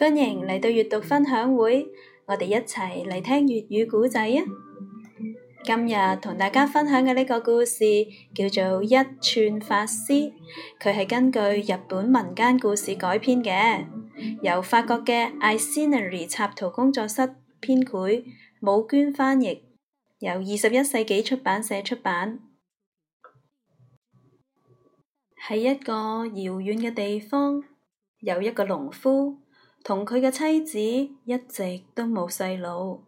歡迎嚟到閱讀分享會，我哋一齊嚟聽粵語故仔啊！今日同大家分享嘅呢個故事叫做《一寸法師》，佢係根據日本民間故事改編嘅，由法國嘅 Icenery 插圖工作室編繪，武娟翻譯，由二十一世紀出版社出版。喺一個遙遠嘅地方，有一個農夫。同佢嘅妻子一直都冇細路，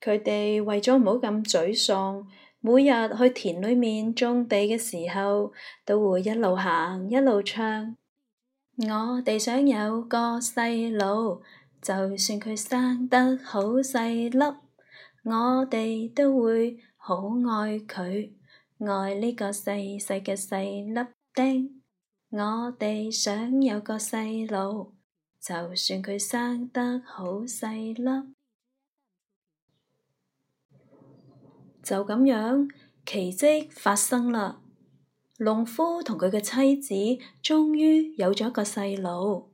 佢哋為咗唔好咁沮喪，每日去田裏面種地嘅時候，都會一路行一路唱。 我哋想有個細路，就算佢生得好細粒，我哋都會好愛佢，愛呢個細細嘅細粒釘。我哋想有個細路，就算佢生得好細粒，就咁樣，奇蹟發生啦！農夫同佢嘅妻子終於有咗一個細路，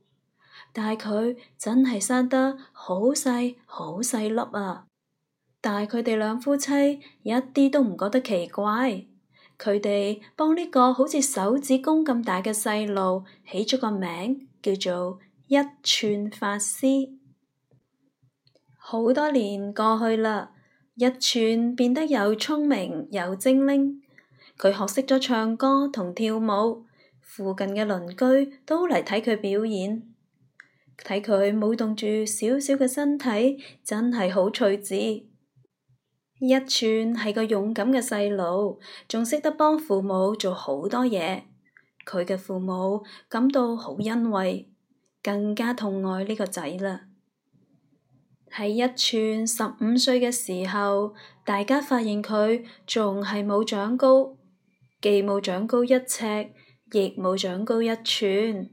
但係佢真係生得好細好細粒啊！但係佢哋兩夫妻一啲都唔覺得奇怪。佢哋幫呢個好似手指公咁大嘅細路起咗個名，叫做一寸法師。好多年過去啦，一寸變得又聰明又精靈。佢學識咗唱歌同跳舞，附近嘅鄰居都嚟睇佢表演，睇佢舞動住小小嘅身體，真係好趣致。一寸係個勇敢嘅細路，仲識得幫父母做好多嘢。佢嘅父母感到好欣慰，更加痛愛呢個仔啦。喺一寸十五歲嘅時候，大家發現佢仲係冇長高，既冇長高一尺，亦冇長高一寸。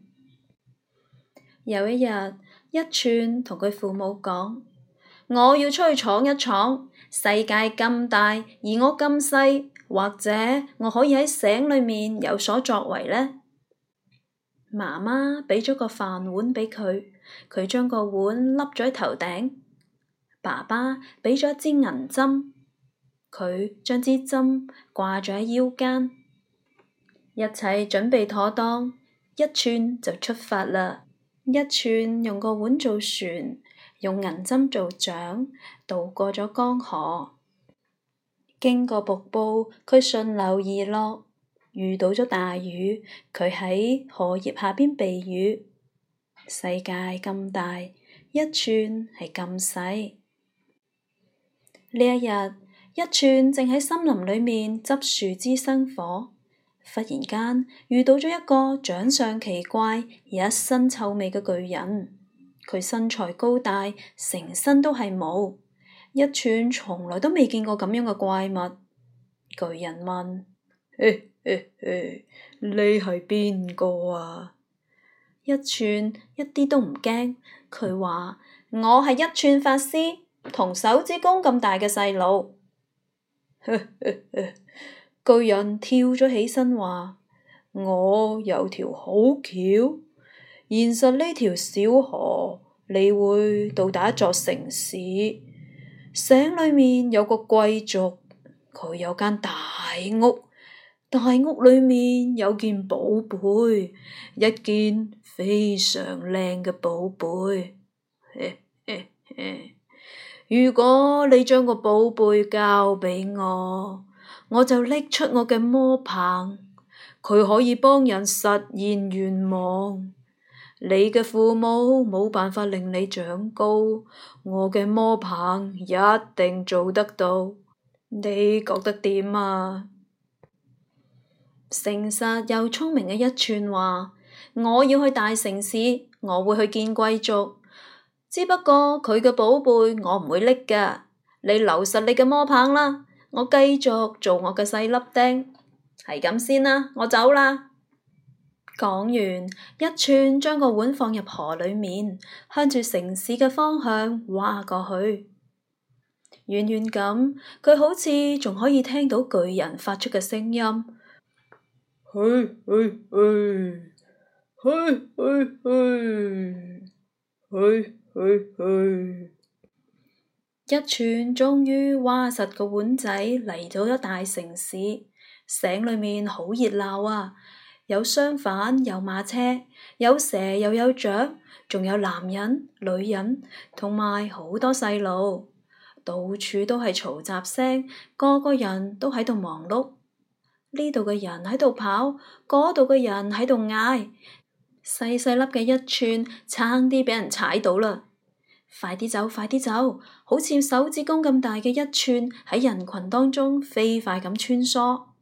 有一日，一寸同佢父母講。我要出去闖一闖，世界咁大，而我咁細，或者我可以喺城裏面有所作為呢？媽媽俾咗個飯碗俾佢，佢將個碗笠咗喺頭頂。爸爸俾咗支銀針，佢將支針掛咗喺腰間。一切準備妥當，一寸就出發啦。一寸用個碗做船。用銀針做槳渡過咗江河，經過瀑布，佢順流而落，遇到咗大雨，佢喺荷葉下邊避雨。世界咁大，一寸係咁細。呢一日，一寸正喺森林裏面執樹枝生火，忽然間遇到咗一個長相奇怪、而一身臭味嘅巨人。佢身材高大，成身都係毛。一寸從來都未見過咁樣嘅怪物。巨人問：誒誒誒，你係邊個啊？一寸一啲都唔驚。佢話：我係一寸法師，同手指公咁大嘅細路。 巨人跳咗起身話：我有條好橋。現實呢條小河，你會到達一座城市。城裏面有個貴族，佢有間大屋，大屋裏面有件寶貝，一件非常靚嘅寶貝。嘿嘿嘿。如果你將個寶貝交畀我，我就拎出我嘅魔棒，佢可以幫人實現願望。你嘅父母冇辦法令你長高，我嘅魔棒一定做得到。你覺得點啊？誠實又聰明嘅一寸法師，我要去大城市，我會去見貴族。只不過佢嘅寶貝我唔會拎噶，你留實你嘅魔棒啦，我繼續做我嘅細粒釘，係咁先啦，我走啦。講完，一寸將個碗放入河裏面，向住城市嘅方向划過去。遠遠咁，佢好似仲可以聽到巨人發出嘅聲音：去去去，去去去，去去去。一寸終於划實個碗仔嚟到咗大城市，城裏面好熱鬧啊！有商販，有馬車，有蛇，又有雀，仲有男人、女人，同埋好多細路，到處都係嘈雜聲，個個人都喺度忙碌。呢度嘅人喺度跑，嗰度嘅人喺度嗌，細細粒嘅一寸差啲俾人踩到啦！快啲走，快啲走！好似手指公咁大嘅一寸喺人群當中飛快咁穿梭。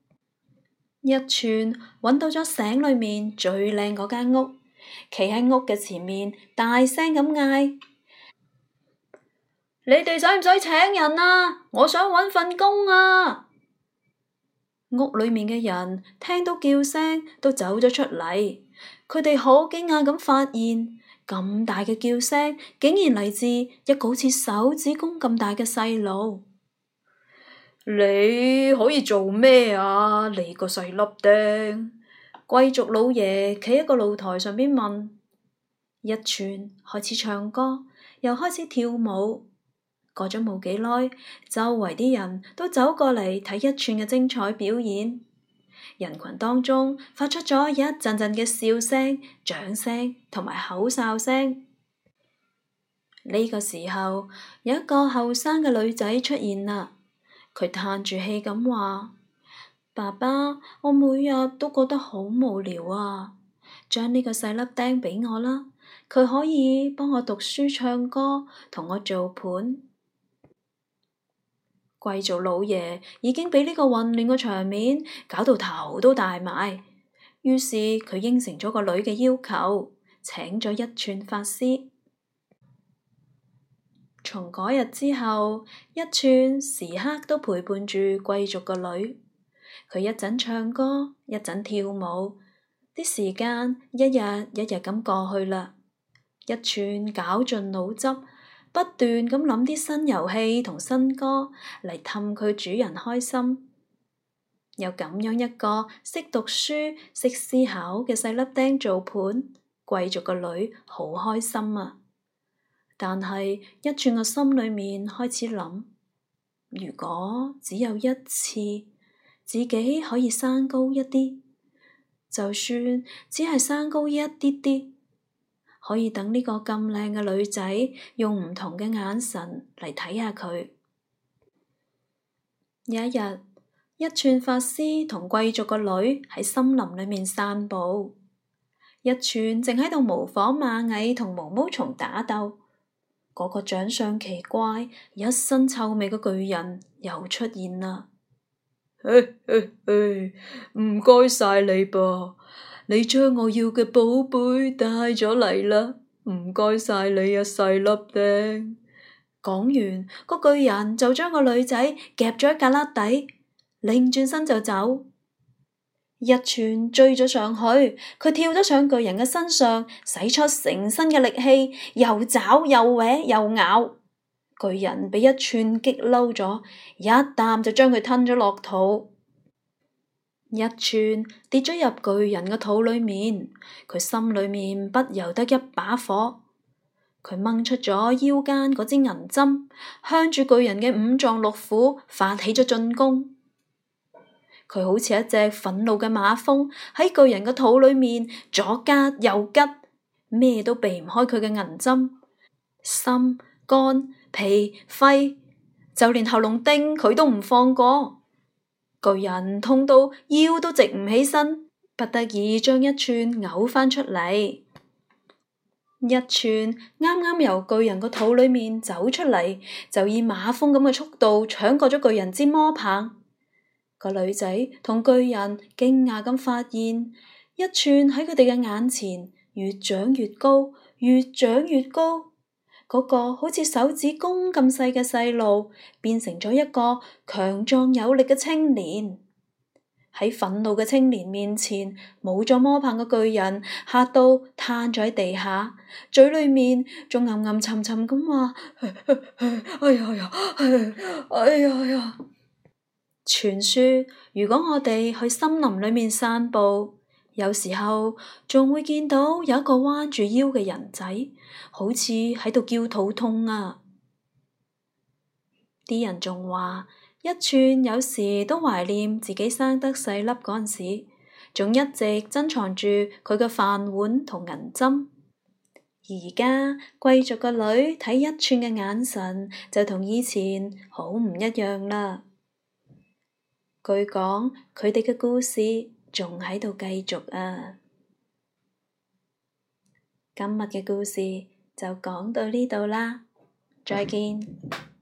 一寸揾到咗城裏面最靚嗰間屋，企喺屋嘅前面，大聲咁嗌：你哋使唔使請人啊？我想揾份工啊！屋裏面嘅人聽到叫聲，都走咗出嚟。佢哋好驚訝咁發現，咁大嘅叫聲，竟然嚟自一個好似手指公咁大嘅細路。你可以做咩啊？你個細粒丁。貴族老爺企喺個露台上邊問一寸。開始唱歌，又開始跳舞。過咗冇幾耐，周圍啲人都走過嚟睇一寸嘅精彩表演。人群當中發出咗一陣陣嘅笑聲、掌聲同埋口哨聲。呢、這個時候，有一個後生嘅女仔出現啦。佢嘆住氣咁話：爸爸，我每日都覺得好無聊啊！將呢個細粒釘俾我啦，佢可以幫我讀書、唱歌、同我做伴。貴族老爺已經俾呢個混亂嘅場面搞到頭都大埋，於是佢應承咗個女嘅要求，請咗一寸法師。從嗰日之後，一寸時刻都陪伴住貴族個女。佢一陣唱歌，一陣跳舞，啲時間一日一日咁過去啦。一寸絞盡腦汁，不斷咁諗啲新遊戲同新歌嚟氹佢主人開心。有咁樣一個識讀書、識思考嘅細粒釘做伴，貴族個女好開心啊！但係一寸個心裏面開始諗，如果只有一次，自己可以生高一啲，就算只係生高一啲啲，可以等呢個咁靚嘅女仔用唔同嘅眼神嚟睇下佢。有一日，一寸法師同貴族個女喺森林裏面散步，一寸正喺度模仿螞蟻同毛毛蟲打鬥。嗰個長相奇怪、一身臭味嘅巨人又出現啦！唔該晒你噃，你將我要嘅寶貝帶咗嚟啦！唔該晒你啊小小，細粒丁。講完，個巨人就將個女仔夾咗喺胳肋底，擰轉身就走。一寸追咗上去，佢跳咗上巨人嘅身上，使出成身嘅力氣，又爪又搲又咬，巨人俾一寸激嬲咗，一啖就將佢吞咗落肚。一寸跌咗入巨人嘅肚裏面，佢心裏面不由得一把火，佢掹出咗腰間嗰支銀針，向住巨人嘅五臟六腑發起咗進攻。佢好似一隻憤怒嘅馬蜂，喺巨人嘅肚裏面左夾右夾，咩都避唔開佢嘅銀針、心肝、脾肺，就連喉嚨丁佢都唔放過。巨人痛到腰都直唔起身，不得已將一寸嘔返出嚟。一寸啱啱由巨人個肚裏面走出嚟，就以馬蜂咁嘅速度搶過咗巨人之魔棒。個女仔同巨人驚訝咁發現，一寸喺佢哋嘅眼前越長越高，越長越高。嗰個好似手指公咁細嘅細路，變成咗一個強壯有力嘅青年。喺憤怒嘅青年面前，冇咗魔棒嘅巨人嚇到癱咗喺地下，嘴裏面仲暗暗沉沉咁話：哎呀呀，哎呀呀。傳說，如果我哋去森林裏面散步，有時候仲會見到有一個彎住腰嘅人仔，好似喺度叫肚痛啊！啲人仲話一寸有時都懷念自己生得細粒嗰陣時，仲一直珍藏住佢嘅飯碗同銀針。而家貴族個女睇一寸嘅眼神就同以前好唔一樣啦。據講，佢哋嘅故事仲喺度繼續啊！今日嘅故事就講到呢度啦，再見。